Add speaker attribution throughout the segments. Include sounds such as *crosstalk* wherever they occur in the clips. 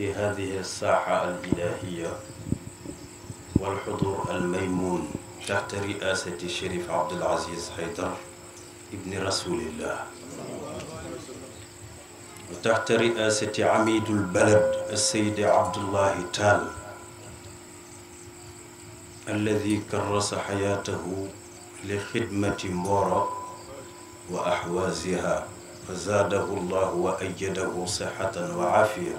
Speaker 1: في هذه الساعة الإلهية والحضور الميمون تحت رئاسة الشريف عبد العزيز حيدر ابن رسول الله وتحت رئاسة عميد البلد السيد عبد الله تال الذي كرس حياته لخدمة مورا وأحوازها فزاده الله وأيده صحة وعافية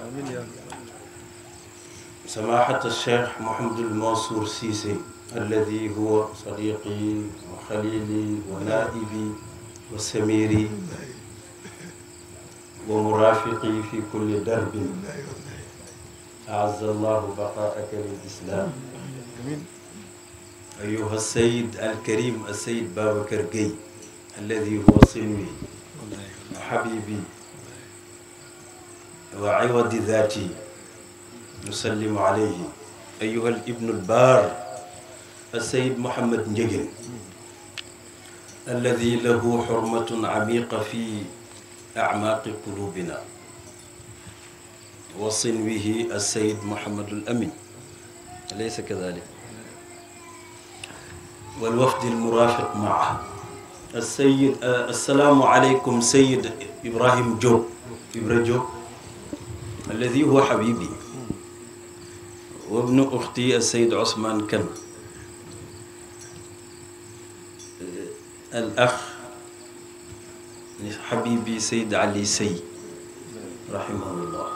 Speaker 1: سماحة الشيخ محمد المنصور سيسي الذي هو صديقي وخليلي ونائبي وسميري ومرافقي في كل درب أعز الله بقاءك للإسلام أيها السيد الكريم السيد بابكر جي الذي هو صنوي وحبيبي وعوض ذاتي nusallimu alayhi ayuhal ibnu lbaar asayid mohammad njegéen alladi lahu xurmatun amiqa fi acmaaqi qulubina wa sinwihi asayid mohammadul amin alaysa kadalik walwafdi almurafiq maa asayid assalaamu aleykum sayid ibrahim Diop Ibra Diop alladi huwa xabibi wabnu uxti sayid Ousmane Kane al ax xabibi sayid Ali Sey rahimahullah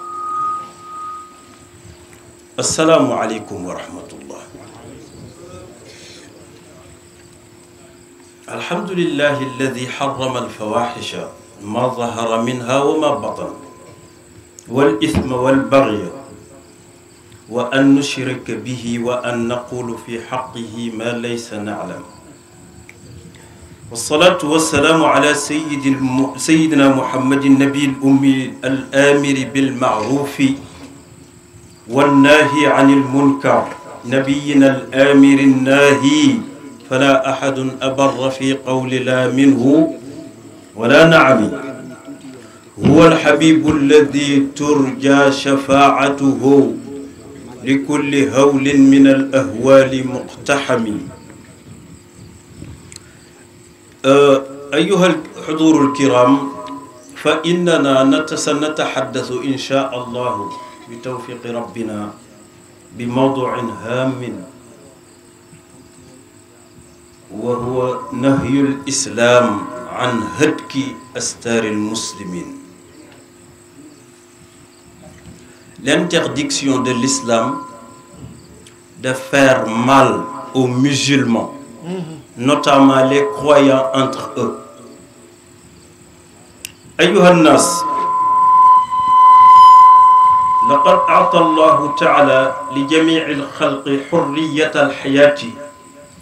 Speaker 1: asalaamualeykum wa rahmatullah alhamdulilah alladi xarama alfawaxisha ma dahara minha wa ma batan wal isma wal barya wa an nushrika bihi wa an naqulu fi xaqihi ma laysa naclam wasalaatu wasalaamu ala sayidi sayidina muhammadin nabi lummi al amiri bilmaarufi wannaahi an ilmunkar nabiyina al amiri naahi fala axadun abarra fi qawli laa minhu wala nacami huwa alxabibu alladi turja shafaacatuhu li kulli hawlin min al ahwaali muqtaxami أيها الحضور الكرام فإننا نتحدث إن شاء الله بتوفيق ربنا بموضوع هام وهو نهي الإسلام عن هتك أستار المسلمين l'interdiction de l'islam de faire mal aux musulmans, notamment les croyants entre eux. أيها الناس لقد أعطى الله تعالى لجميع الخلق حرية الحياة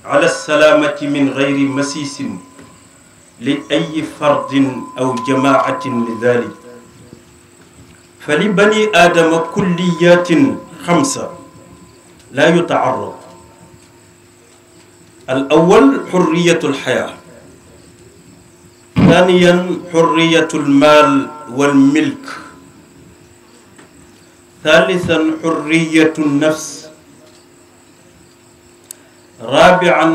Speaker 1: على السلامة من غير مسيس لأي فرد أو جماعة لذلك fa li bani aadama kulliyatin xamsa laa yutaarrad al awal xurriyatu alxayaa ثانيا حرية المال والملك ثالثا حرية النفس رابعا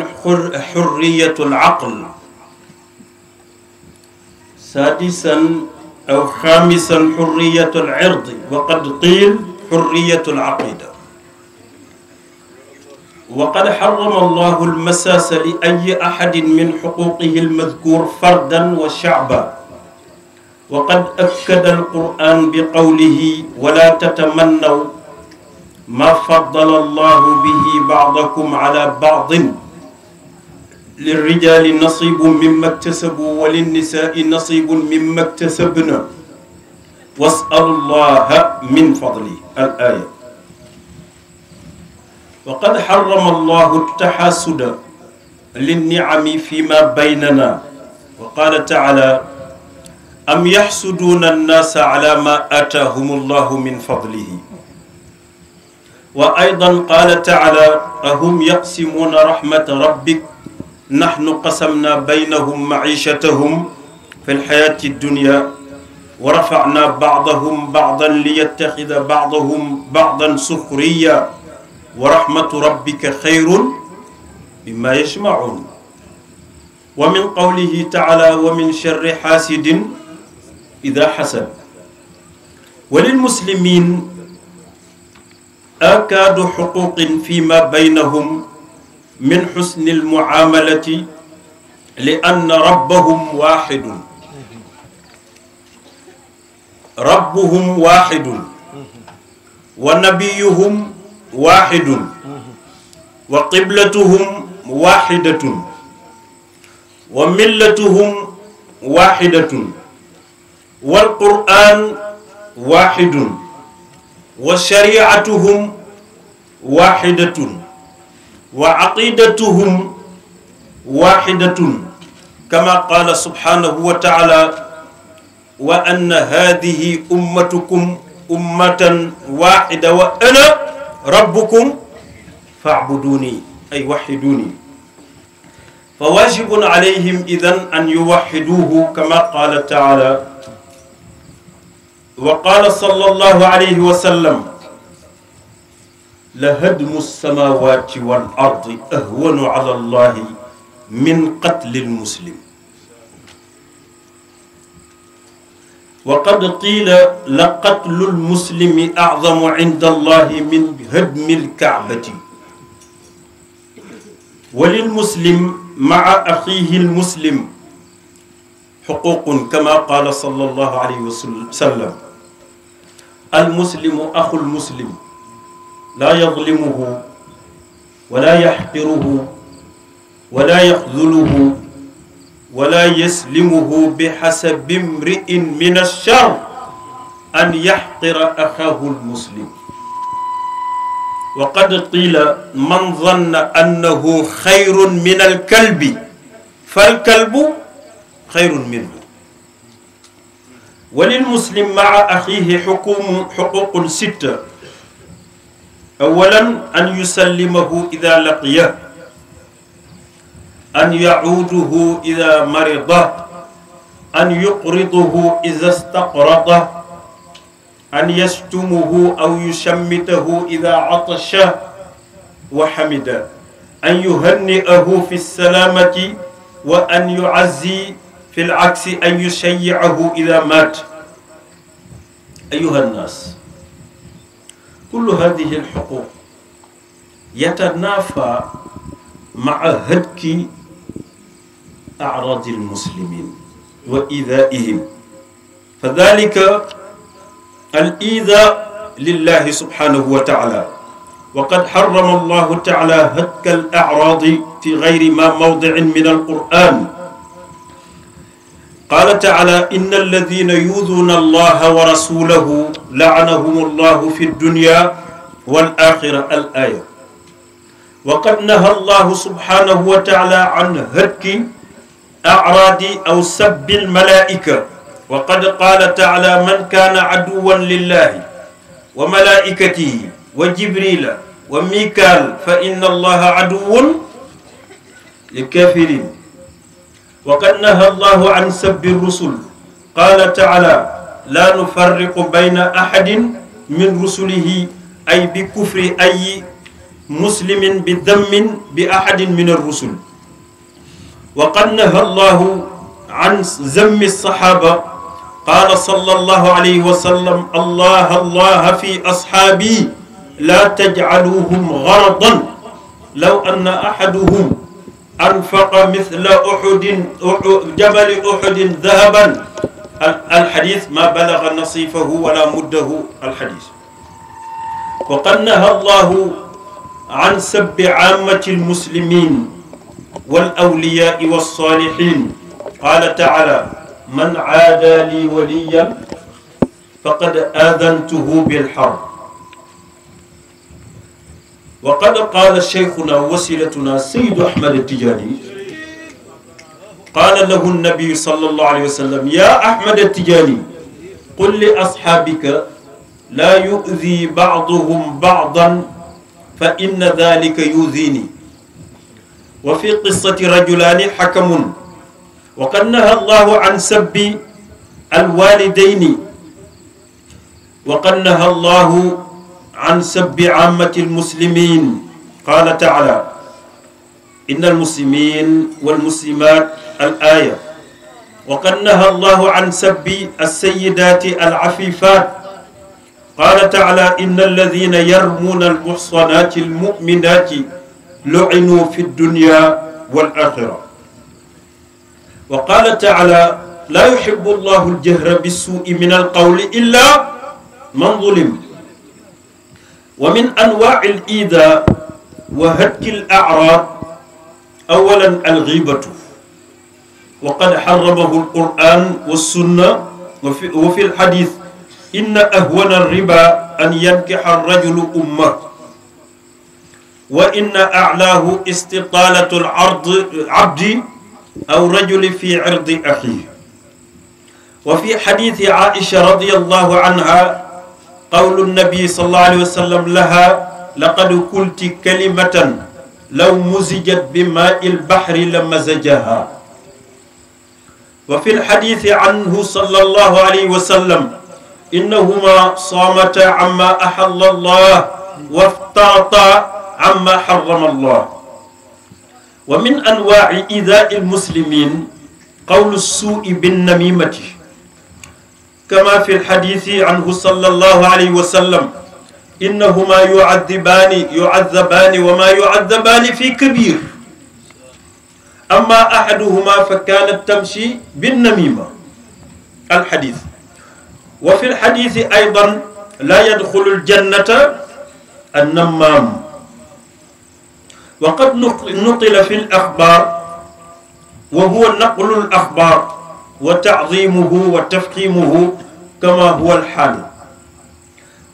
Speaker 1: حرية العقل سادسا aw xaamisan xurriyatu al irdi wa qad qiil xurriyatu al aqida wa qad xarama allahu al masaasa li ay axadin min xuquqihi al madkuur fardan wa shacban wa qad akkada al qur'an bi qawlihi wala tatamannaw ma faddala allahu bihi bacdakum ala bacdin lirrijali nasibun mimma ktasabu wa linnisaai nasibun mimma ktasabna wasalullaha min fadli al aya wa qad xarama allahu taxaasuda linnicami fima baynana wa qaala taala am yaxsuduuna annaasa ala ma aataahum allahu min fadlihi wa aydan qaala taala ahum yaqsimuuna raxmata rabbik nahnu qasamna baynahum maichatahum fi lxayaati dunia wa rafacna bacdahum bacdan liyattaxida bacdahum bacdan suxriya wa rahmatu rabbika xayrun mimma yajmacuun wa min qawlihi taala wa min charri xaasidin ida xasad wa lilmuslimin akaadu xuquqin fi ma baynahum min xusni almuaamalati li ann rabbahum waaxidun rabbuhum waaxidun wa nabiyuhum waaxidun wa qiblatuhum waaxidatun wa millatuhum waaxidatun walqur'aan waaxidun wa shariicatuhum waaxidatun wa aqidatuhum waxidatun kama qaala subhanahu wa taala wa anna hadihi ummatukum ummatan waxida wa ana rabbukum faabuduni ay waxiduni fa wajibun alayhim idan an yuwaxiduuhu kama qaala taala wa qaala sallallahu alayhi wa sallam la hadmu samawati wal ardi ahwanu ala allahi min qatlil muslim wa qad qiila la qatlul muslimi acdamu cinda allahi min hadmil kaabati walil muslim maca axiihi lmuslim xuquuqun kama qaala sallallahu alayhi wa sallam al muslimu axul muslim laa yadlimuhu wala yaxqiruhu wala yaxduluhu wala yaslimuhu bi xasabi mriin min achar an yaxqira axahu lmuslim wa qad qiila man zanna annahu xayrun min alkalbi falkalbu xayrun minhu wa lilmuslim maa axiihi xuquuqun sitta awalan an yusallimahu ida laqiya an yacuuduhu ida marida an yuqriduhu ida staqrada an yastumuhu aw yushammitahu ida atasha wa hamida an yuhanni'ahu fi salaamati wa an yuazzi fi l aksi an yushayicahu ida maat ayuha nnaas كل هذه الحقوق يتنافى مع هتك أعراض المسلمين وإيذائهم فذلك الإيذاء لله سبحانه وتعالى وقد حرم الله تعالى هتك الأعراض في غير ما موضع من القرآن qaala taala inna alladina yuuduuna allaha wa rasulahu laanahum allahu fi dunya wal axira al aya wa qad naha allahu subhanahu wa taala an hadki acraadi aw sabbi almalaa'ika wa qad qaala taala man kaana aduwan lillahi wa malaa'ikatihi wa jibrila wa mikaal fa inna allaha aduwun lilkafirin وقد نهى الله عن سب الرسل قال تعالى لا نفرق بين أحد من رسله أي بكفر أي مسلم بذم بأحد من الرسل وقد نهى الله عن ذم الصحابة قال صلى الله عليه وسلم الله الله في أصحابي لا تجعلوهم غرضا لو أن أحدهم anfaqa mithla uhudin jabali uhudin dahaban alxadis ma balaga nasifahu wala muddahu alxadis wa qad naha allahu an sabbi aamati almuslimin walawliyai walsalihin qala taala man aada li waliyan faqad aadantuhu bilharb wa qad qaala cheikhuna wasilatuna sayidu ahmad tijaani qaala lahu nabiyu sallallahu alayhi wa sallam ya ahmad tijaani qul li asxaabika laa yudi baaduhum baadan fa inna dalika yudini wa fi qissati rajulaani xakamun wa qad naha allahu an sabbi alwaalidayni wa qad naha allahu an sabbi aamati almuslimin qaala taala inna almuslimin walmuslimat al aya wa qad naha allahu an sabbi alsayidati alafifat قال تعالى إن الذين يرمون المحصنات المؤمنات لعنوا في الدنيا والآخرة وقال تعالى لا يحب الله الجهر بالسوء من القول إلا من ظلم wa min anwaa al ida wa hakki al araad awalan al ghibatu wa qad harramahu al quran wa sunna wa fi wa fi al hadith inna ahwana al riba an yankiha al rajulu umma wa inna a'laahu istiqaalatu al ard abdi aw rajuli fi irdi axiihi wa fi xadiisi Aïcha radiyallahu anha qawlu nabi sallallahu alayhi wa sallam laha laqad kulti kalimatan law muzijat bi maa il bahri la mazajaha wa fi lxadiisi anhu sallallahu alayhi wa sallam innahuma saamata amma ahalla allah waftata amma harrama allah wa min anwaaci idaai almuslimin qawlu suui binnamimati kama fi lxadisi anhu sallallahu alayhi wa sallam innahuma yucadibaani yucadabaani wa maa yucadabaani fi kabir amma ahaduhuma fa kaanat tamshi binnamima alxadis wa fi lxadisi aydan laa yadxulu ljannata annamaam wa qad nuqila fi laxbaar wa huwa naqlu laxbaar wa taadimuhu wa tafximuhu kama huwa alxaalu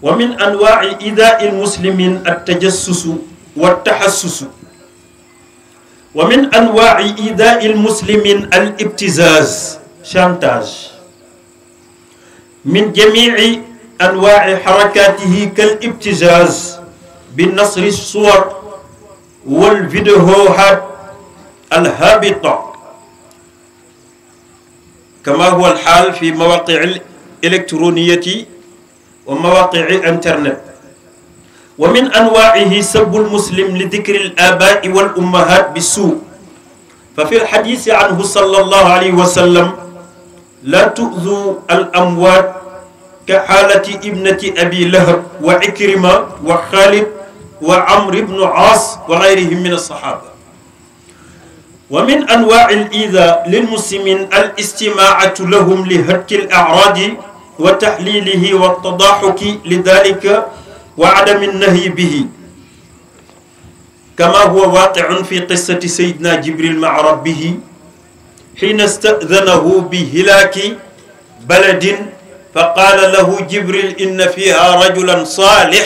Speaker 1: wa min anwaai idaai almuslimin attajassusu wa taxassusu wa min anwaai idaai almuslimin alibtizaaz chantage min jamici anwaai xarakatihi kalibtizaaz binasri suwar walvideohat alhabita kama huwa alxaal fi mawaqii electroniyati wa mawaqii internet wa min anwaihi sabbu lmuslim li dicri l abaai wal ummahat bi suu fa fi lxadisi anhu sal allahu alayhi wa sallam laa tu'zu al amwaat ka xaalati ibnati abi lahab wa ikrima wa xaalid wa amr ibnu aas wa gayrihim min alsaxaaba wa min anwaa al ida lil muslimin al istimaatu lahum li hakki al araadi wa taxliilihi wa tadaaxuki li dalika wa adami nahyi bihi kama huwa waaqicun fi qissati sayidna jibril maa rabbihi xiina stadanahu bi hilaaki baladin fa qaala lahu jibril inna fiha rajulan saalix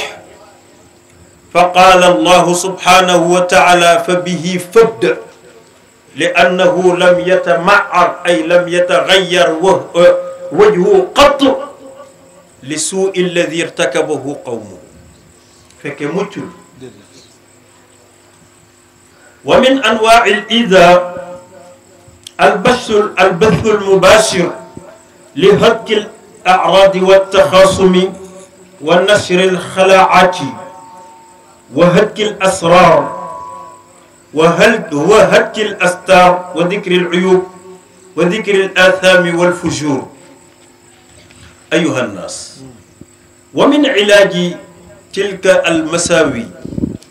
Speaker 1: fa qaala allahu subhanahu wa taala fa bihi fabda li annahu lam yatamaar ay lam yataxayar wa wajhu qatt li suu alladi irtakabahu qawmuhu fekke muccul wa min anwaai al ida albathu albathu almubashir li hakki al acraadi waltaxaasumi wa nasri alxalaacaati wa hakki al asraar wa hakki l astar wa dicri l uyub wa dicri l athami walfujur ayuha nnaas wa min cilaaji tilka almasawi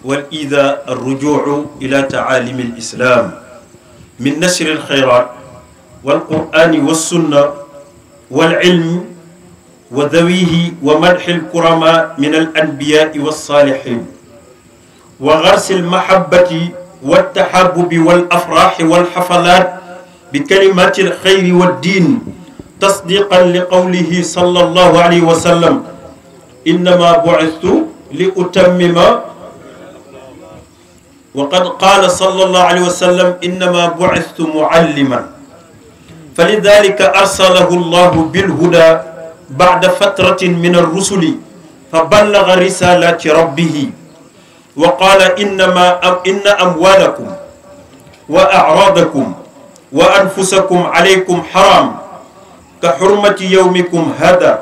Speaker 1: walida alrujucu ila tacaalimi alislam min nasri alxayrat walqur'ani walsunna walcilmi wa dawihi wa madxi alkurama min alanbiyaai walsaalixin wa garsi almahabati والتحابب والأفراح والحفلات بكلمات الخير والدين تصديقا لقوله صلى الله عليه وسلم إنما بعثت لأتمم وقد قال صلى الله عليه وسلم إنما بعثت معلما فلذلك أرسله الله بالهدى بعد فترة من الرسل فبلغ رسالات ربه wa qaala innama am inna amwaalakum wa acraadakum wa anfusakum alaykum xaram ka xurmati yowmikum hada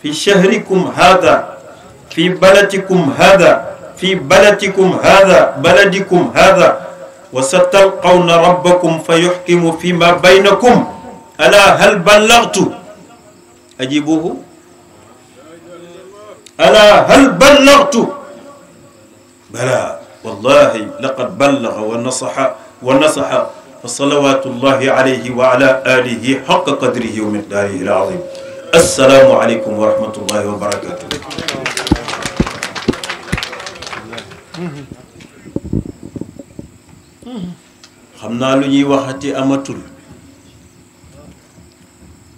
Speaker 1: fi shahrikum hada fi baladikum hada fi baladikum hada baladikum hada wa satalqawna rabbakum fa yuxkimu fi ma baynakum ala hal ballagtu ajibuhu ala hal ballagtu bala wallahi laqad ballaga wa nasaha wa nasaha fa salawatullahi alayhi wa ala alihi xaqa qadrihi wa miqdaarihi al azim assalaamu aleykum wa rahmatullahi wa barakatuh xam naa lu ñuy waxati amatul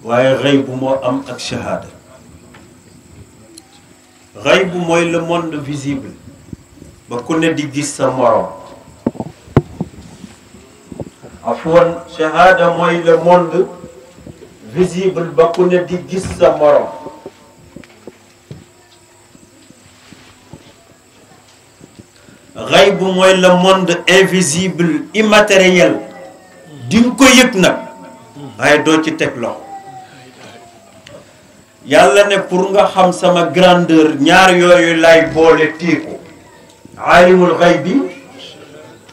Speaker 1: waaye xëy bu moo am ak shahaada xëy bu mooy le monde visible ba ku ne di gis sa morom afwan shahada mooy le monde visible ba ku ne di gis sa morom xayb mooy le monde invisible immatériel di ko yëg nag waaye doo ci teg loxo yàlla ne pour nga xam sama grandeur ñaar yooyu lay boole tiiku aalimul xaybi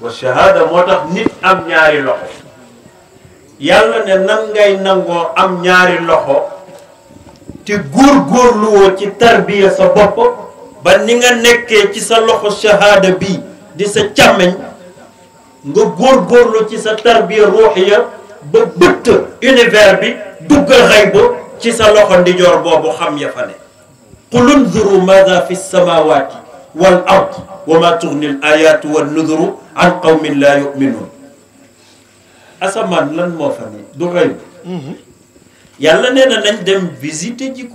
Speaker 1: wa shahada moo tax nit am ñaari loxo yàlla ne nan ngay nangoo am ñaari loxo te góorgóorluwoo ci tarbiya sa bopp ba ni nga nekkee ci sa loxo shahada bi di sa càmmeñ nga góorgóorlu ci sa tarbiya ruuxiya ba bëtt univers bi duggal xayba ci sa loxo ndijoor boobu xam ya fa ne qul unzuru maada fi samawaati wal ard wa ma tuxni al wa nuduru an qawmin la yuminuun asamaan lan moo fa ne du rëy mhm. yàlla nee nañ dem visiter ji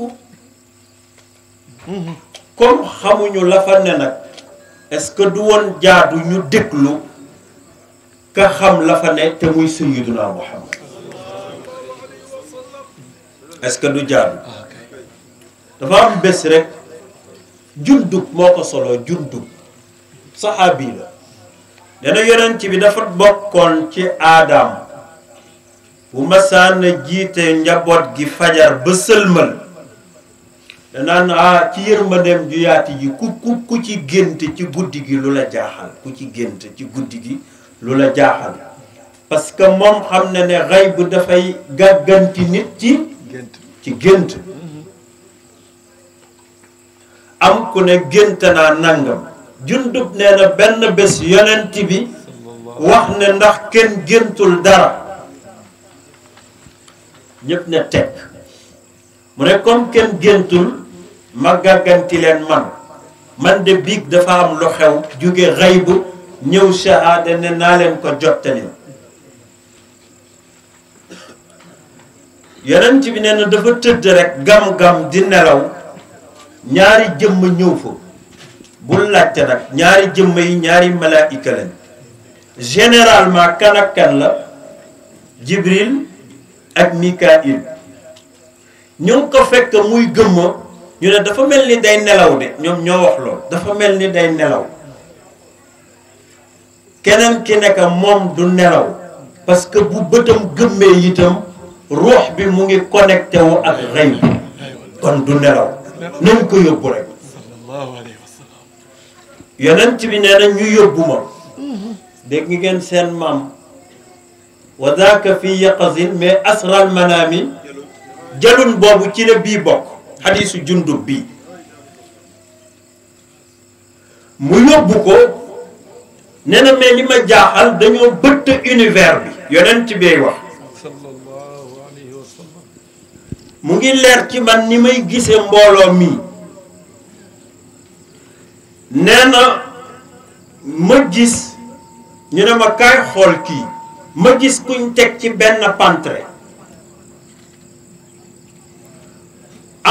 Speaker 1: comme xamuñu la fa ne nag est-ce que du woon jaadu ñu déglu ka xam la fa ne te muy sayyiduna Muhammad est-ce que du jaadu ah, dafa am bés rek jundub moo ko soloo jundub saxaabi la dana yonent bi dafa bokkoon ci aadaam bu masaan na jiite njaboot gi fajar ba sëlmal danaan a ah, ci yërmandeem ju yaati ji ku ku ku ci gént ci guddi gi lu la jaaxal ku ci gént ci guddi gi lu la jaaxal parce que moom xam na ne xay bu dafay gàgganti nit ci gént am ku ne gént naa nangam jundub nee na benn bés yonent bi wax ne ndax kenn géntul dara ñépp ne teg mu ne comme kenn géntul ma gàgganti leen man man de biig dafa am lu xew jóge xaybu ñëw shahaada ne naa leen ko jottali yonent bi nee na dafa tëdd rek gam-gam di nelaw ñaari jëmm ñëw fa bul laajte nag ñaari jëmm yi ñaari malaayika lañ généralement kan ak kan la jibril ak mikail ñu ngi ko fekk muy gëmma ñu ne dafa mel ni day nelaw de ñoom ñoo wax lool dafa mel ni day nelaw keneen ki nekk moom du nelaw parce que bu bëtam gëmmee itam ruux bi mu ngi connecté wu ak rey kon du nelaw nañ ko yóbbu rek yonent bi nee ñu yóbbu ma dégg ngeen seen maam wa daaka fi yaqazin mais asral manaami jalun boobu ci la bii bokk xadiisu jundub bii mu yóbbu ko nee mais li ma jaaxal dañoo bëtt univers bi yonent bi wax mu ngi leer ci man ni may gise mbooloo mi nee ma gis ñu ne ma kaay xool kii ma gis kuñ teg ci benn pantre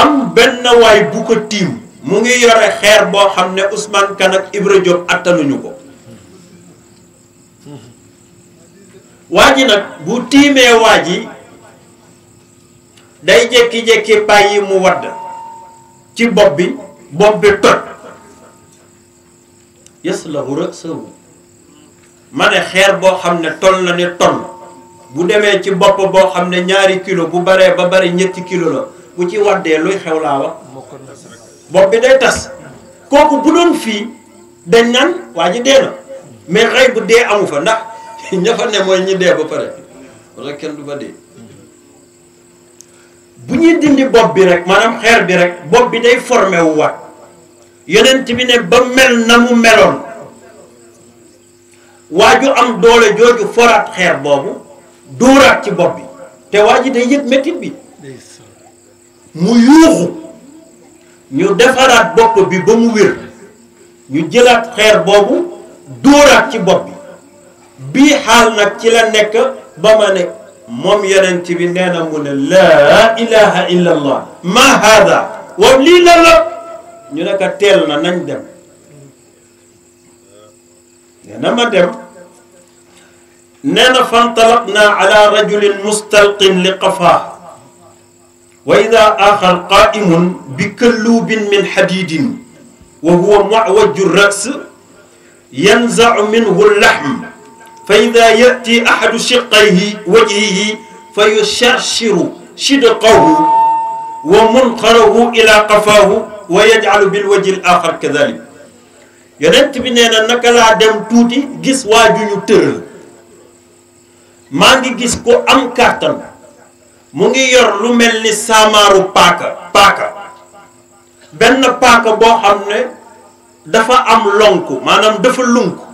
Speaker 1: am benn waay bu ko tiim mu ngi yore xeer boo xam ne Ousmane Kane ak Ibra Diop attanuñu ko waa ji nag bu tiimee waa ji day jékki-jékki bàyyi mu wadd ci bopp bi bopp bi toj yës la wura sëwu ma ne xeer boo xam ne ton la ne ton bu demee ci bopp boo xam ne ñaari kilo bu baree ba bari ñetti kilo la bu ci waddee luy xew laa wax bopp bi day tas kooku bu doon fii dañ naan waa ji dee na mais rey bu dee amu fa ndax *laughs* ña fa ne mooy ñi dee ba pare wala kenn du fa dee bu ñuy dindi bopp bi rek maanaam xeer bi rek bopp bi day formé wu waat yonent bi ne ba mel na mu meloon waa ju am doole jooju foraat xeer boobu dóoraat ci bopp bi te waa ji day yëg métit bi mu yuuxu ñu defaraat bopp bi ba mu ñu jëlaat xeer boobu dóoraat ci bopp bi bii xaal nag ci la nekk ba ma ne moom yonent bi nee na mu ne laa ilaha illa allah ma hada waaw lii lan la ñu ne ko teel na nañ dem nee na ma dem nee na fantalaqna ala rajulin mustalqin li qafaa wa ida axar qaimun bi kalluubin min xadidin wa huwa muwaju ras yanzacu minhu lahm fa ida yati ahadu shiqayhi wajhihi fa yusharshiru shidqahu wa munqarahu ila qafaahu wa yajcalu bilwaji l axar kadalik yonent bi nee na naka laa dem tuuti gis waa ju ñu tëral maa ngi gis ko am kàttan mu ngi yor lu mel ni saamaaru paaka paaka benn paaka boo xam ne dafa am lonku maanaam dafa lunku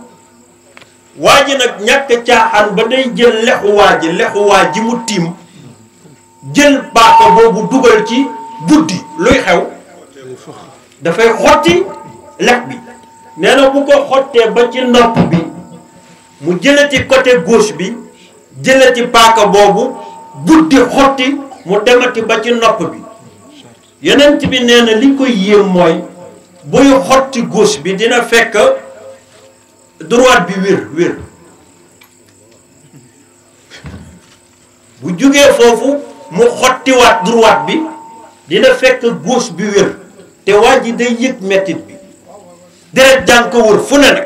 Speaker 1: waa ji nag ñàkk caaxaan ba day jël lexu waa ji lexu waa ji mu tiim jël paaka boobu dugal ci guddi luy xew dafay xotti lex bi nee bu ko xottee ba ci nopp bi mu jëlati côté góos bi jëlati paaka boobu guddi xotti mu demati ba ci nopp bi yeneen bi nee na li koy yéem mooy buy xotti gauche bi dina fekk droite bi wér wér bu jugee foofu mu xottiwaat droite bi dina fekk gauche bi wér te waa ji day yëg mettit bi deret jàng wër fu ne nag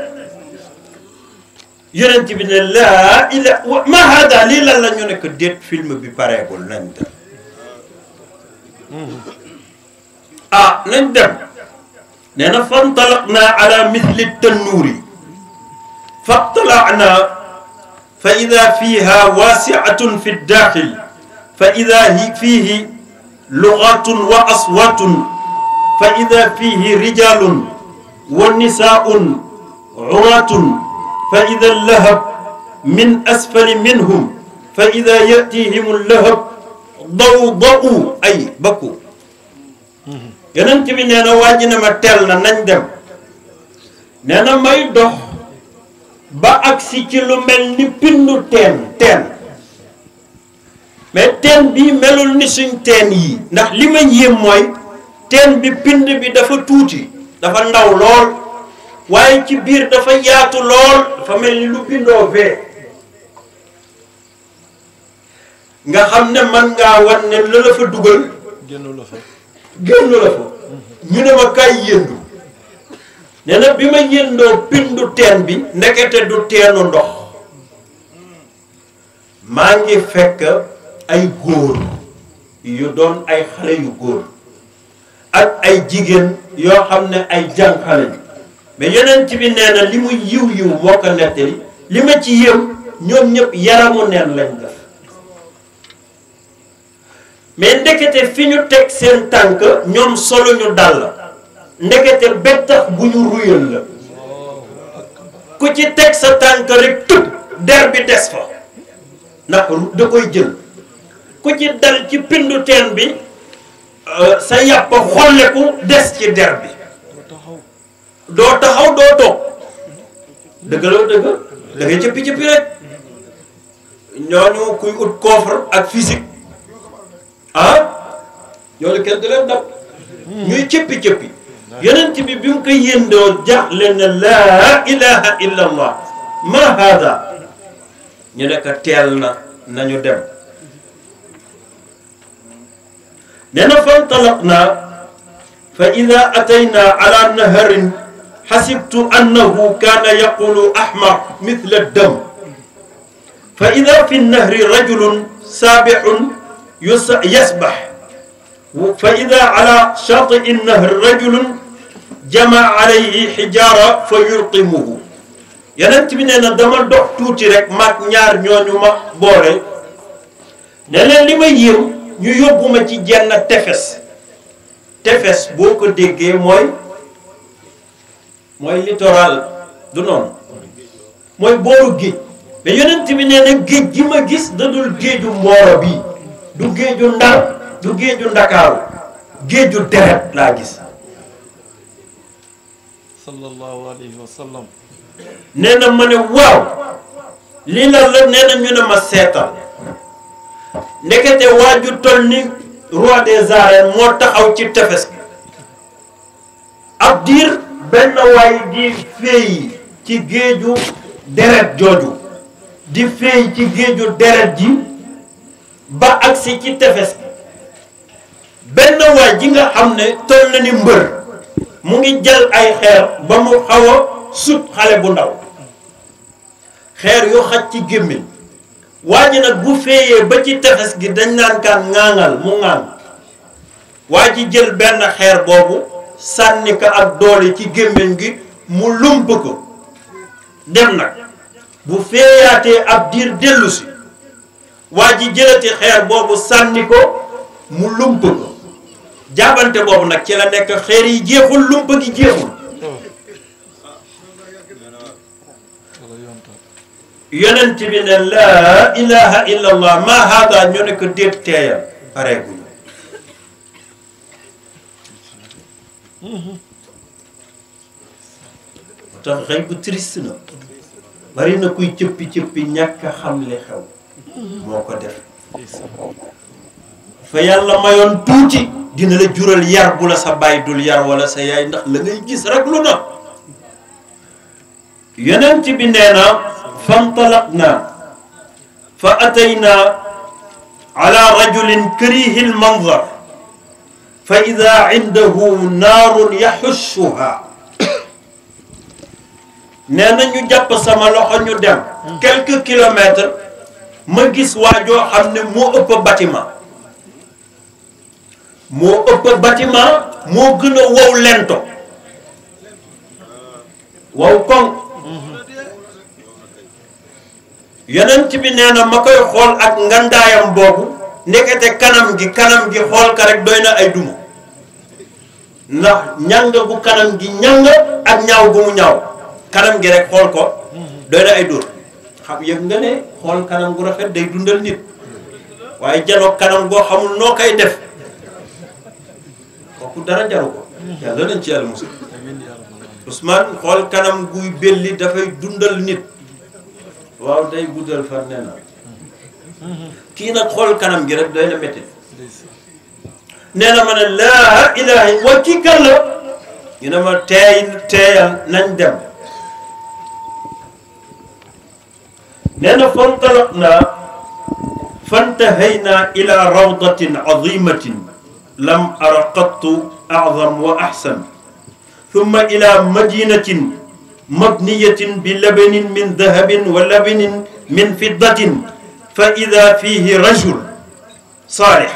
Speaker 1: yonent bi ne laa ila ma hada lii lan la nekk déet film bi pareegul nañ dem ah nañ dem nee na fantalaq naa ala misli tannuur yi فاطلعنا فإذا فيها واسعة في الداخل فإذا هي فيه لغات وأصوات فإذا فيه رجال ونساء عراة فإذا اللهب من أسفل منهم فإذا يأتيهم اللهب ضوضأوا أي بكوا yonent bi nee na waa ji ne ma teel na nañ dem nee na may dox ba agsi ci lu mel ni pindu teen teen mais teen bi melul ni suñ teen yi ndax li ma yéem mooy teen bi pind bi dafa tuuti dafa ndaw lool waaye ci biir dafa yaatu lool dafa mel ni lu bindoo vee nga xam ne man ngaa wan ne la la fa dugal génnu la fa ñu ne ma kaay yëndu nee bi ma yëndoo pindu teen bi ndekete du teenu ndox maa ngi fekk ay góor yu doon ay xale yu góor ak ay jigéen yoo xam ne ay jànxale bi mais yonent bi nee na li mu yiw yiw moo ko nettali li ma ci yëm ñoom ñëpp yaramu neen lañ def mais ndekete fi ñu teg seen tànk ñoom solo ñu dal la ndekete bettax bu ñu ruyal la ku ci teg sa tànk rek der bi des fa ndax da koy jël ku ci dal ci pindu teen bi euh, sa yàpp xolleku des ci der bi doo taxaw doo toog dëgg la dëgg cëppi cëppi rek ñooñu kuy ut coffre ak physique ah ñooñu kenn du leen ñuy cëppi cëppi yonent bi bi mu ko yëndoo jaaxle na laa ilaha illa allah ma hada ñu ne ko teel na nañu dem nee na fantalaqnaa fa ida ataynaa ala naharin xasibtu annahu kaana yaqulu ahmar mithla dam fa ida fi nnahri rajulun saabixun yasbax fa ida ala shaati nnahr rajulun jama alayhi xijaara fa yulqimuhu yonent bi nee na dama dox tuuti rek maag ñaar ñooñu ma boole ne li ma yéem ñu yóbbu ma ci jenn tefes tefes boo ko déggee mooy mooy littoral du noonu mooy booru géej mais yonent bi nee na géej gi ma gis da géeju mbooro bii du géeju ndar du géeju ndakaaru géeju deret laa gis
Speaker 2: sallallahu
Speaker 1: na ma ne waaw lii la la nee ñu ne ma seetal ndekete waa ju toll ni roi des arènes moo taxaw ci tefes bi ab diir benn waay di féey ci géeju deret jooju di féey ci géeju deret ji ba agsi ci tefes benn waay ji nga xam ne toll na ni mbër mu ngi jël ay xeer ba mu xawoo a sut xale bu ndaw xeer yu xaj ci gémmiñ waa ji nag bu feeyee ba ci tefes gi dañ naan kaan ŋaaŋal mu ŋaaŋ waa ji jël benn xeer boobu sànni ko ak doole ci gémmiñ gi mu lump ko dem nag bu feeyaatee ab diir dellusi waa ji jëlati xeer boobu sànni ko mu lump jaabante boobu nag ci la nekk xeer yi jeexul lu mu bëgg jeexul yonent bi ne laa ilaha illa allah maa haada ñu ne ko déet teeyal pareeguñu tax xëy bu triste bari na kuy cëppi cëppi ñàkk xam li xew moo ko def fa yàlla mayoon tuuti dina la jural yar bu la sa baay dul yar wala sa yaay ndax la ngay gis rek lu na yonent bi nee na fantalaqna fa atayna ala rajulin karihi lmanzar fa ida indahu naarun yaxussuha nee na ñu jàpp sama loxo ñu dem quelques kilomètres ma gis waajoo xam ne moo ëpp bâtiment moo ëpp bâtiment moo gën a wow lento wow koŋ yonent bi nee na ma koy xool ak ngandaayam boobu ndekete kanam gi kanam gi xool ka rek doy na ay duma ndax ñàng bu kanam gi ñàng ak ñaaw bu mu ñaaw kanam gi rek xool ko doy na ay dóor xam yëg nga ne xool kanam gu rafet day dundal nit waaye janoog kanam goo xamul noo koy def kooku dara jaru ko yàlla nañ ci yàlla musul Ousmane xool kanam guy belli dafay dundal nit waaw day guddal far nee kii nag xool kanam gi rek doy na métti nee na laa ilaaha wa kii kan la ñu nañ dem nee na fantalaq ila rawdatin azimatin lam ara qattu a'zam wa ahsan thumma ila madinatin mabniyatin bi labanin min dahabin wa labanin min fiddatin fa ida fihi rajul saalih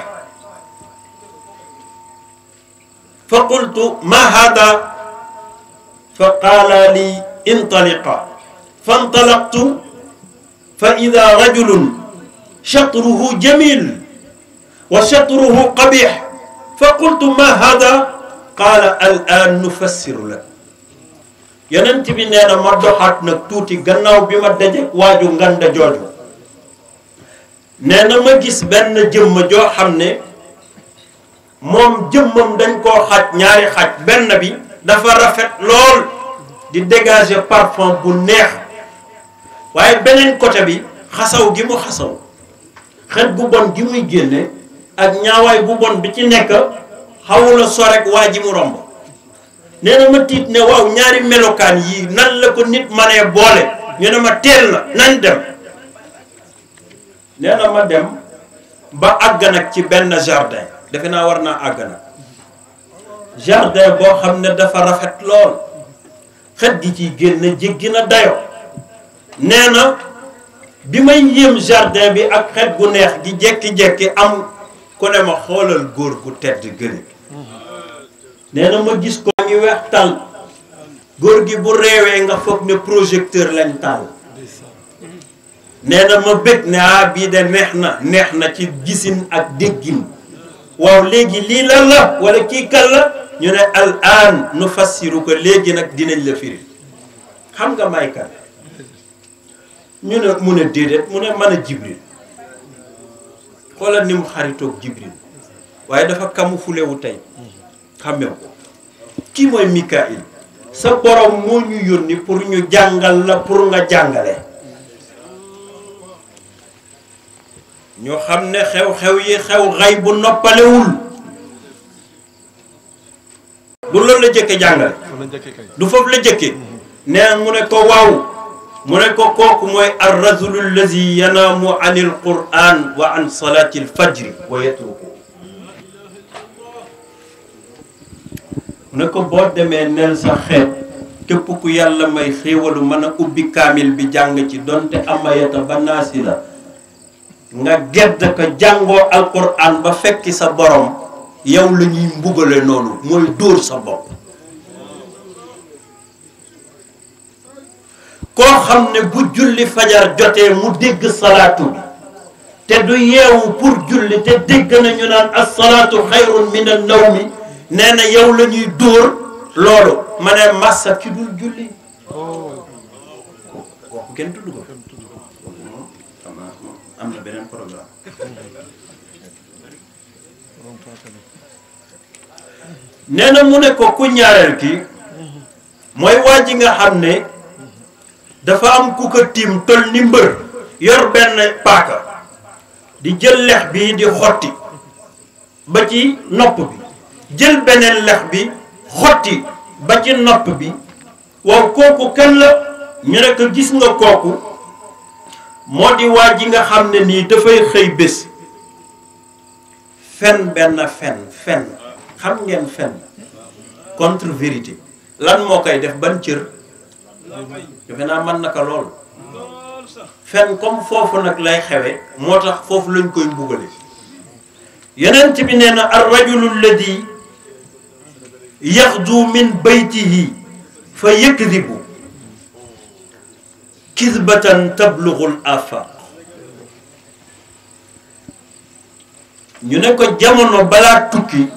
Speaker 1: fa qultu ma hada fa qaala li intaliqa fantalaqtu fa ida rajulun shatruhu jamil wa shatruhu qabih fa qultu ma hada qaala al an nufassiru la yeneen bi nee na ma doxaat nag tuuti gannaaw bi ma daje waaju nganda jooju nee na ma gis benn jëmm joo xam ne moom jëmmam dañ koo xaaj ñaari xaaj benn bi dafa rafet lool di dégager parfum bu neex waaye beneen côté bi xasaw gi mu xasaw xet gu bon gi muy génne ak ñaawaay bu bon bi ci nekk la so rek waa ji mu romb nee ma tiit ne waaw ñaari melokaan yi nan la ko nit manee boole ñu ne ma teel na nan dem nee ma dem ba àgg nag ci benn jardin defe naa war naa àgg nag jardin boo xam ne dafa rafet lool xet gi ciy génn jéggi na dayo nee na bi may yéem jardin bi ak xet gu neex di jekki-jekki am ku ne ma xoolal góor gu tedd gële nee na ma gis ko ngi weex tàll góor gi bu reewee nga foog ne projecteur lañ tàll nee na ma bëgg ne ah bii de neex na neex na ci gisin ak déggin waaw léegi lii lan la wala kii kan la ñu ne al aan nu fassiru ko léegi nag dinañ la firi xam nga may kan ñu ne mu ne déedéet mu ne mën a jibril xoolal ni mu xaritoog Jibril waaye dafa camouflé wu tey xàmmew ko kii mooy Mikail sa borom moo ñu yónni pour ñu jàngal la pour nga jàngale ñoo xam ne xew-xew yi xew xay bu noppalewul du loolu la jëkke jàngale du foofu la jëkke nee mu ne ko waaw mu ne ko kooku mooy arrajulu allazi yanaamu an il quran wa an salaati l fajri wa yatruku mu ne ko boo demee nel sa xeet képp ku yàlla may xéewalu mën a ubbi kaamil bi jàng ci donte amayata ba naasi la nga gedd ko jàngoo alquran ba fekk sa borom yow lañuy ñuy mbugale noonu mooy dóor sa bopp koo xam ne bu julli fajar jotee mu dégg salaatu bi te du yeewu pour julli te dégg na ñu naan assalaatu xayrun min an nawmi nee na yow la ñuy dóor loolu ma ne massa ci dul julli kooku na mu ne ko ku ñaareel ki mooy waa ji nga xam ne dafa am ku ko tiim tol ni mbër yor benn paaka di jël lex bi di xotti ba ci nopp bi jël beneen lex bi xotti ba ci nopp bi waaw kooku kan la ñu ne ko gis nga kooku moo di waa ji nga xam ne nii dafay xëy bés fen benn fen fen xam ngeen fen contre vérité lan moo koy def ban cër defe naa man naka lool fen comme foofu nag lay xewe moo tax foofu lañ koy mbugale yonent bi nee na ar rajulu alladi yaxdu min baytihi fa yakdibu kisbatan tablughul afaq ñu ne ko jamono balaa tukki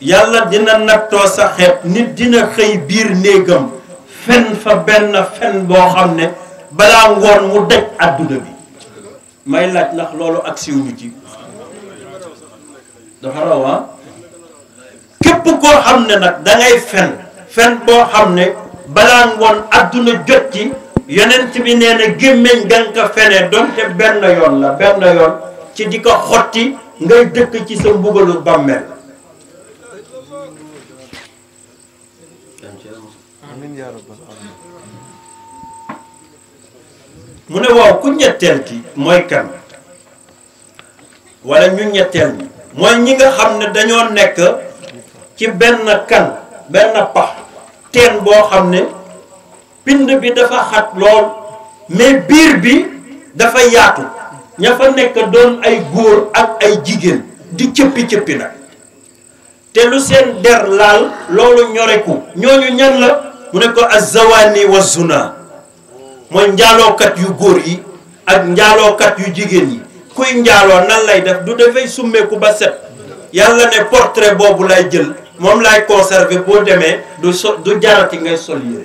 Speaker 1: yàlla dina nattoo sa xeet nit dina xëy biir néegam fen fa benn fen boo xam ne balaa ngoon mu daj adduna bi may laaj ndax loolu ak siwlu ci dafa rawa ah. képp koo xam ne nag dangay ngay fen fen boo xam ne balaa ngoon àdduna jot ci yonent bi nee na gémmeñ gànka fene donte benn yoon la benn yoon ci di ko xotti ngay dëkk ci sa mbugalu bàmmeel yaa rabbal mu ne waaw ku ñetteel ki mooy kan wala ñu ñetteel ñi mooy ñi nga xam ne dañoo nekk ci benn kan benn pax teen boo xam ne pind bi dafa xat lool mais biir bi dafa yaatu ña fa nekk doon ay góor ak ay jigéen di cëppi cëppi nag te lu seen der laal loolu ñoreku ñooñu ñan la mu ne ko azawani wa zuna mooy njaalookat yu góor yi ak njaalookat yu jigéen yi kuy njaaloo nan lay def du dafay summeeku ba set yàlla ne portrait boobu lay jël moom lay conserver boo demee du sol du jarati ngay sol yi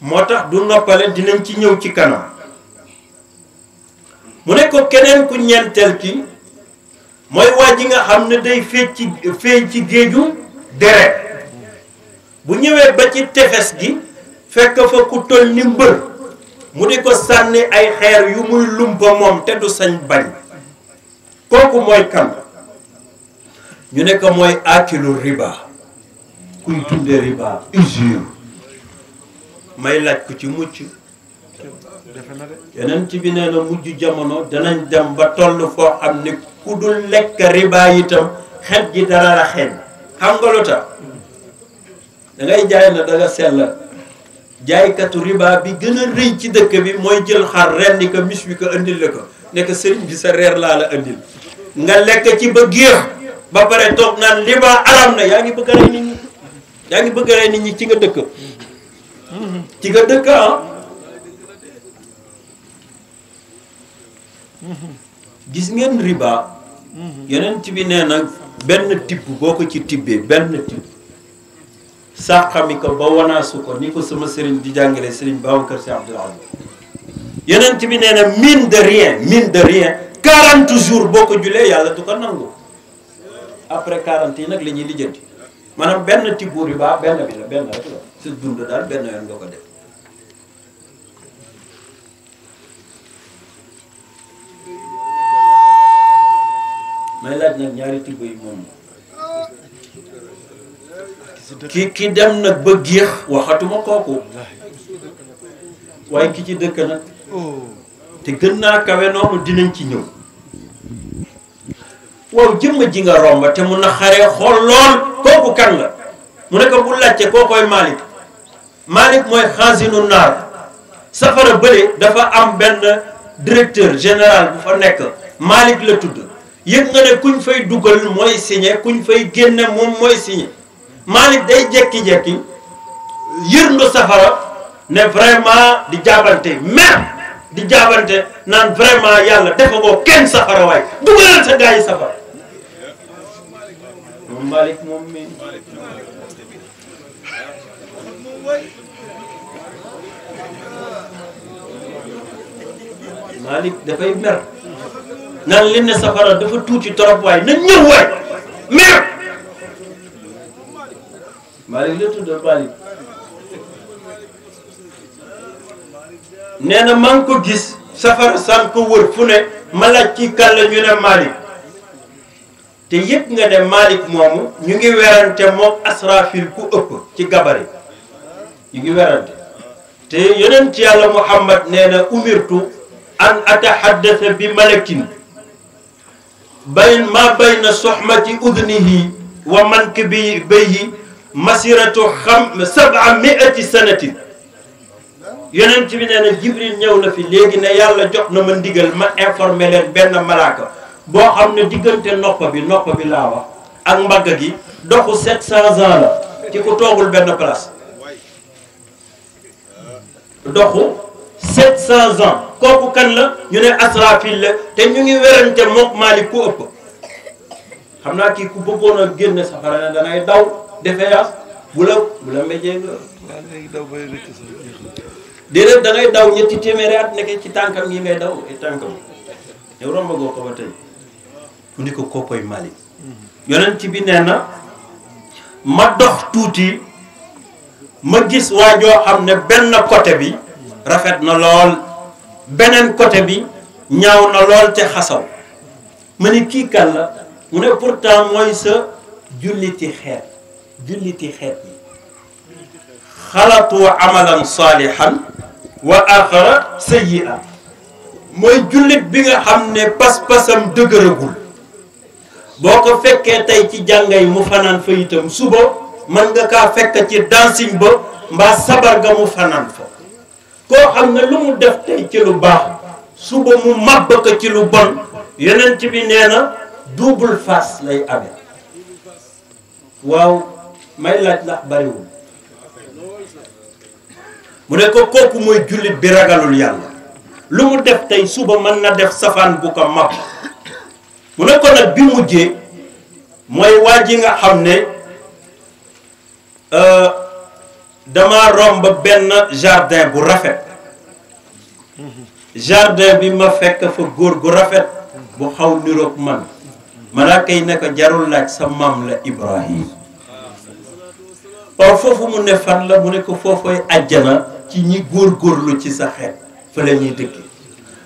Speaker 1: moo tax du noppale dinañ ci ñëw ci kanam mu ne ko keneen ku ñeenteel ki mooy waa ji nga xam ne day feeñ ci feeñ ci géeju deret bu ñëwee ba ci tefes gi fekk fa ku toll ni mbër mu di ko sànni ay xeer yu muy lumpa moom te du sañ bañ kooku mooy kan ñu ne ko mooy akilu riba kuy dundee riba usure may laaj ku ci mucc yeneen ci bi nee na mujj jamono danañ dem ba toll foo xam ni ku dul lekk riba itam xet gi dara la xeeñ xam nga lu tax da jaay na danga sellal jaaykatu riba bi gën a rëy ci dëkk bi mooy jël xar rendi ko mis wi ko andil la ko nekk sëriñ bi sa reer laa la andil nga lekk ci ba géex ba pare toog naan riba aram na yaa ngi bëgg rey nit ñi yaa ngi bëgg rey nit ñi ci nga dëkk ci nga dëkk ah gis ngeen riba mhm. yonent bi nee na benn tibb boo ko ci tibbee benn tibb sàqami ko ba wanaasu ko ni ko sama sëriñ di jàngalee sëriñ Babacar Sy Abdoul Aziz yonent bi nee na mine de rien mine de rien 40 jours boo ko julee yàlla du ko nangu après 40 yi nag la ñuy lijjanti maanaam benn tibbu riba benn bi la benn rek la sa dund daal benn yoon nga ko def may laaj nag ñaari tibb yi moom ki ki dem nag ba géex waxatuma kooku waaye ki ci dëkk nag te gën naa kawe noonu dinañ ci ñëw waaw jëmm ji nga romba te mun na xaree xool lool kooku kan la mu nekk bu laajte koo koy Malick Malick mooy xaasinu naar safara bële dafa am benn directeur général bu fa nekk Malick la tudd yëg nga ne kuñ fay dugal mooy signé kuñ fay génne moom mooy signé Malick day jekki-jekki yërndu safara ne vraiment di jaabante même di jaabante naan vraiment yàlla defa ko kenn safara waay dugalal sa gars yi safara moom moom mi Malick dafay mer naan leen ne safara dafa tuuti torop na ñëw waay mais Malick la tudd Malick nee na maa ngi ko gis safara san ko wër fu ne ma laaj ci kàlla ñu ne Malick te yëpp nga ne Malick moomu ñu ngi werante moom asrafil ku ëpp ci gabari ñu ngi werante te yonent yàlla Muhammad nee na umirtu an atahaddatha bi malakin bay maa bay na soxmati udnihi wa mank bi bayhi masiratu xam sab'a miati yeneen yonent bi nee na ñëw na fi léegi ne yàlla jox na ma ndigal ma informé leen benn malaaka boo xam ne diggante nopp bi nopp bi laa wax ak mbagg gi doxu 700 ans la ci ku toogul benn place doxu 700 ans kooku kan la ñu ne asrafil la te ñu ngi werante mook Malik ku ëpp xam naa kii ku bëggoon a génne safara ne danay daw défaillance bu la bu la mbéjee nga déedéet da daw ñetti téeméeri at nekk ci tànkam yi ngay daw ay tànkam yow romb goo ko ba tey mu ni ko kookoy Malik yonent bi nee ma dox tuuti ma gis waa xam ne benn côté bi rafet na lool beneen côté bi ñaaw na lool te xasaw ma ni kii kan la mu ne pourtant mooy sa julliti xeet julliti xeet yi xalatu amalan saalihan wa axara sayyi'a mooy jullit bi nga xam ne pas-pasam dëgëragul boo ko fekkee tey ci jàngay mu fanaan fa itam suba mën nga kaa fekk ci dancing ba mbaa sabar ga mu fanaan fa koo xam ne lu mu def tey ci lu baax suba mu màbb ko ci lu bon yonent bi nee na double face lay amee waaw may laaj ndax bariwul mu ne ko kooku mooy jullit bi ragalul yàlla lu mu def tey suba mën na def safaan bu ko màbb mu ne ko nag bi mujjee mooy waa ji nga xam ne euh, dama romb benn jardin bu rafet jardin bi ma fekk fa góor gu rafet bu xaw niroog man malaaka nekk jarul laaj sa maam la Ibrahim or foofu mu ne fan la mu ne ko foofooy àjjana ci ñi góorlu ci sa xeet fa la ñuy dëkk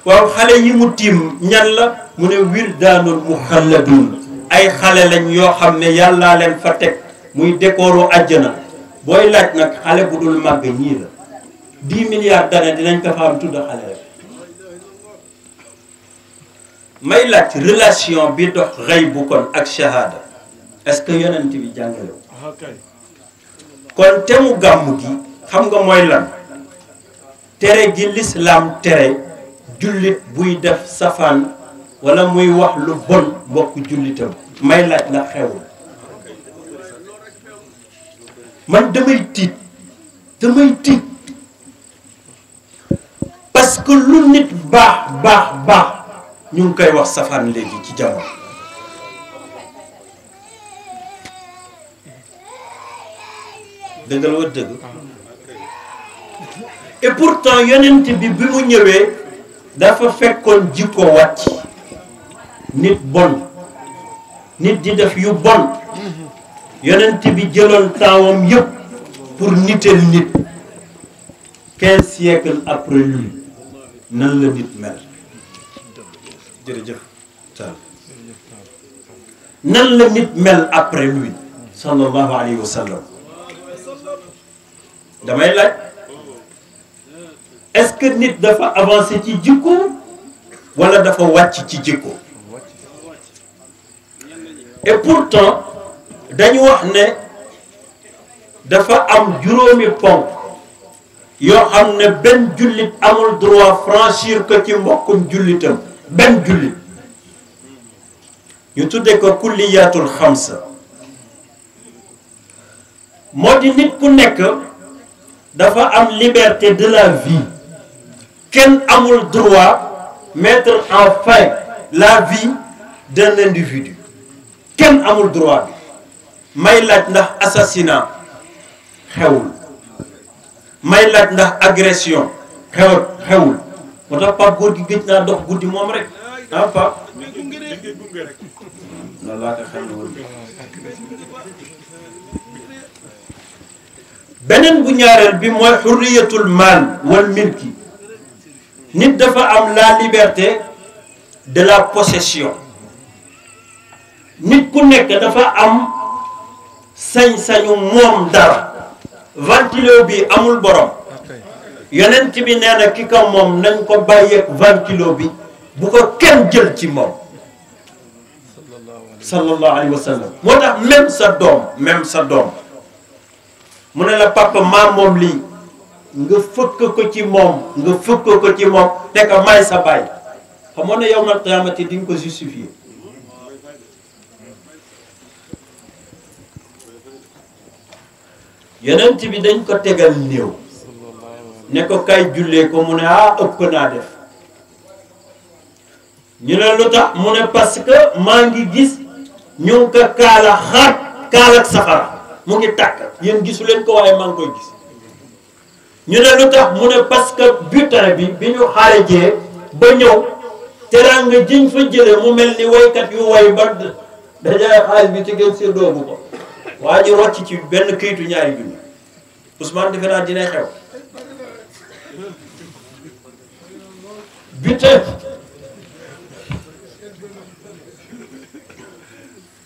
Speaker 1: waaw xale yi mu tiim ñan la mu ne wildaanul muxalladun ay xale lañ yoo xam ne yàllaa leen fa teg muy dékooru àjjana booy laaj nag xale bu dul màgg ñii la 10 milliards dinañ ko fa am tudd xale rek may laaj relation bi dox rey bu kon ak shahada est-ce que yonent bi jàngale ah, kon te gàmm gi xam nga mooy lan tere gi lislaam tere jullit buy def safaan wala muy wax lu bon mbokk jullitam may laaj la xewul man damay tiit damay tiit parce que lu nit baax baax baax ñu ngi koy wax safaan léegi ci jamono dëgg la war dëgg et pourtant yonent bi bi mu ñëwee dafa fekkoon jikko wàcc nit bon nit di def yu bon yonent bi jëloon taawam yëpp pour nitel nit quinze siècles après lui nan la nit mel nan la nit mel après lui sallallahu alayhi wa damay laaj est-ce que nit dafa avancé ci jikko wala dafa wàcc ci jikko et pourtant dañu wax ne dafa am juróomi ponk yoo xam ne benn jullit amul droit franchir ko ci mbokkum jullitam benn jullit ñu tudde ko kulliyaatul xamsa moo di nit ku nekk dafa am liberté de la vie kenn amul droit mettre en fin la vie d'un individu kenn amul droit bi may laaj ndax assassinat xewul may laaj ndax agression xew xewul moo tax Pape góor gi gëj naa dox guddi moom rek ah, bi mooy xurriyatul maal wal dafa am la liberté de la possession nit ku nekk dafa am sañ-sañu moom dara ventilo bi amul borom yonent bi nee ki ko moom nañ ko bàyyeeg ventilo bi bu ko kenn jël ci moom sallallahu alayhi wa sallam moo tax même sa doom même sa doom mu ne la papa maa moom lii nga fëkk ko ci moom nga fëkk ko ci moom te ka may sa baay xamoon ne yow qiyaamati di nga ko justifier yonent bi dañ ko tegal néew ne ko kay jullee ko mu ne ah ëpp naa def ñu ne lu tax mu ne parce que maa ngi gis ñu ngi ko kaala xaat kaal ak safara mu ngi tàkk yéen gisu leen ko waaye maa ngi koy gis ñu ne lu tax mu ne parce que butin bi bi ñu xaarajee ba ñëw teranga jiñ fa jële mu mel ni waykat yu way ba dajaay xaalis bi ci gën séddoobu ko waa ji rocc ci benn këyitu ñaari junni Ousmane defe naa dina xew butin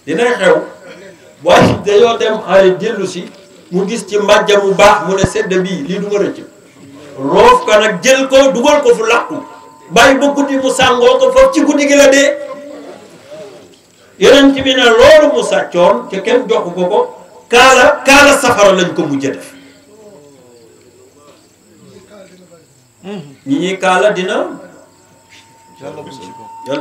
Speaker 1: dina xew waaye dañoo dem xaari dellu mu gis ci mbàjja mu baax mu ne sedd bii lii du ma rëcc roof ko nag jël ko dugal ko fu làqu bàyyi ba guddi mu sàngoo ko foofu ci guddi gi la dee yonent bi loolu mu sàccoon te kenn joxu ko ko kaala kaala safara lañ ko mujj ñi ñuy kaala dina yàlla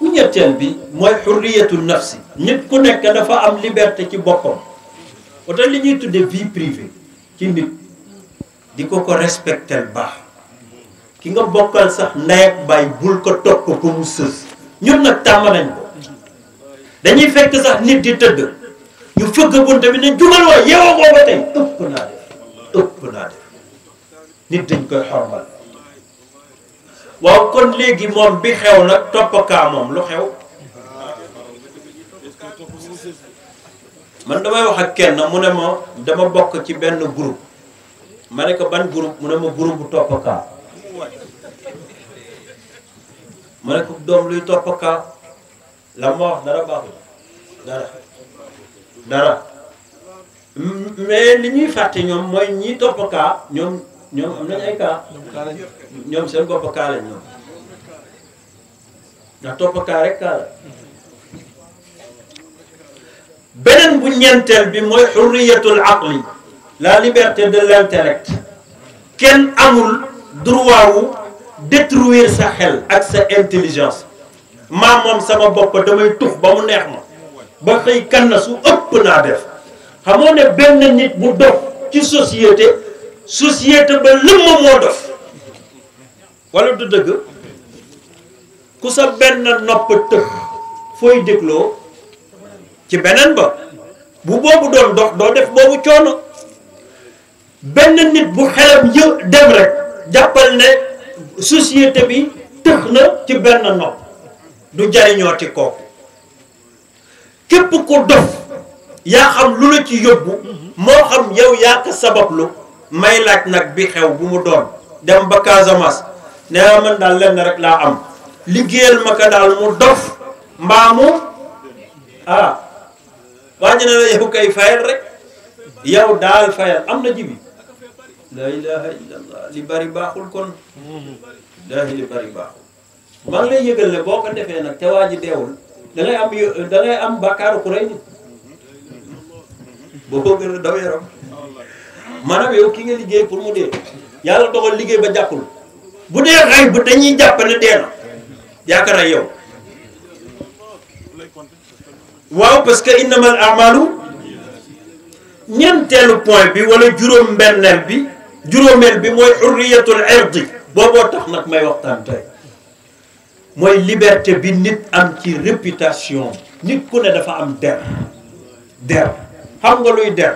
Speaker 1: ñu ñetteel bi mooy xurriyatu nafsi nit ku nekk dafa am liberté ci boppam oto li ñuy tudde vie privée ci nit di ko ko respectel baax ki nga bokkal sax ndey ak baay bul ko topp ko mu sës ñun nag tàmm nañ ko dañuy fekk sax nit di tëdd ñu fëgg bunte bi ne jugal waa yeewoo ko ba tey ëpp naa def nit dañ koy xormal waaw kon léegi moom bi xew nag toppakaa moom lu xew man damay wax ak kenn mu ne ma dama bokk ci benn groupe ma ne ko ban groupe mu ne ma groupe bu toppakaa ma ne ko doom luy toppakaa la ma wax dara baaxul dara dara mais li ñuy fàtte ñoom mooy ñi topp kaa ñoom ñoom seen bopp kaa lañ ñoom ndax topp kaa rek la beneen bu ñeenteel bi mooy xurriyatul aqli la liberté kenn amul droit wu détruire ak sa intelligence maa moom sama bopp damay tux ba mu neex ma ba xëy kan na su ëpp naa def xamoo ne benn nit bu dof ci société société ba lëmm moo dof wala du dëgg ku sa benn nopp tëx fooy dégloo ci beneen ba bu boobu doon dox doo def boobu coono benn nit bu xelam yë dem rek jàppal ne société bi tëx na ci benn nopp du jariñoo ci kooku képp ku dof yaa xam lu la ci yóbbu moo xam yow yaa ko sabablu may laaj nag bi xew bu mu doon dem ba Casamance nee naa ah, man daal lenn rek laa am liggéeyal ma ko daal mu dof mbaa mu ah waa ñu ne la rek yow daal am na jibi laa li bari baaxul kon daahi li ko defee nag te waa ji deewul da ngay am da ngay am bàkkaaru ku rey ba koo gën a daw yaram maanaam yow ki nga liggéey pour mu dee yàlla dogal liggéey ba jàkkul bu dee rey bu dañuy jàpp ne dee na yaakaar naa yow waaw parce que innamal amalu ñeenteelu point bi wala juróom-benneel bi juróomeel bi mooy xurriyatul irdi booboo tax nag may waxtaan tey mooy liberté bi nit am ci réputation nit ku ne dafa am der der xam nga luy der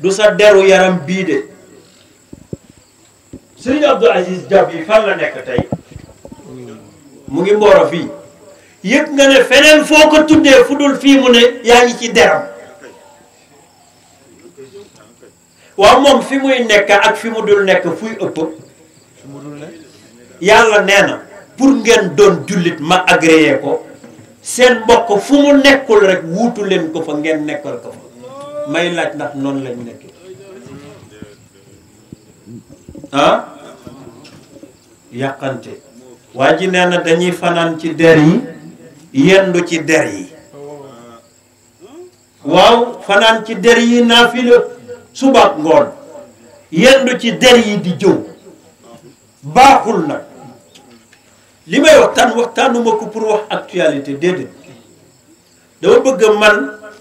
Speaker 1: du sa deru yaram bii de sëriñ Abdou Aziz Diab yi mu ngi mbooro fii yëg nga ne feneen foo ko tuddee fu dul fii mu ne yaa ngi ci deram waaw moom fi muy nekk ak fi mu dul nekk fuy ëpp yàlla nee na pour ngeen doon jullit ma agréé ko seen mbokk fu mu nekkul rek wuutu leen ko fa ngeen nekkal ko may laaj ndax noonu lañu nekkee ah? yàqante waa ji nee na dañuy fanaan ci der yi yendu ci der yi waaw fanaan ci der yi naafila suba ak ngoon yendu ci der yi di jëw baaxul nag li may waxtaan waxtaanuma ko pour wax actualité déedéet dama bëgg man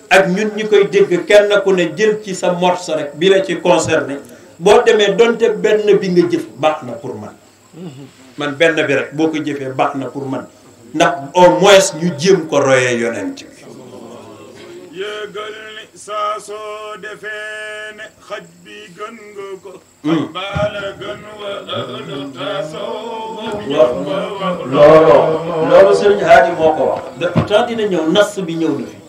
Speaker 1: ak ñun ñi koy dégg kenn ku ne jël ci sa morceau rek bi la ci concerné boo demee donte benn bi nga jëf baax na pour man man benn bi rek boo ko jëfee baax na pour man ndax o moins ñu jéem ko royee yonent bi yëgal ni saa soo defee ne xaj bi gën nga ko hmm. baala gën wa loolu loolu sëriñ moo ko wax de dina ñëw nas bi ñëw na fi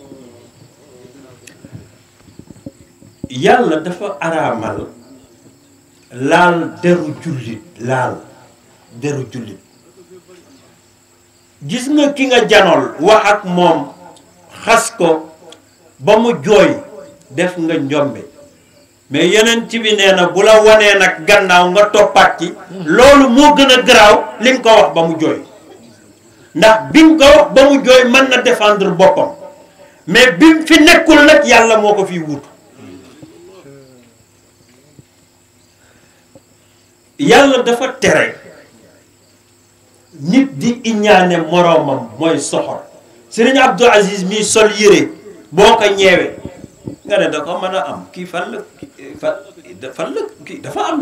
Speaker 1: yàlla dafa araamal laal deru jullit laal deru jullit gis nga ki nga janool wax ak moom xas ko ba mu jooy def nga njombe mais yeneen ci bi nee na bu la wanee nag gannaaw nga toppaat ci loolu moo gën a garaaw li nga ko wax ba mu jooy ndax bi nga ko wax ba mu jooy mën na défendre boppam mais bi fi nekkul nag yàlla moo ko fiy wut yàlla dafa tere nit di iñaane moroomam mooy soxor sëriñ Abdou Aziz mii sol yére boo ko ñeewee nga ne da ko mën a am kii fan la fan la kii dafa am